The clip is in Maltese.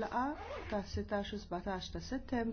il-laqa ta' 16-17 ta' settembru.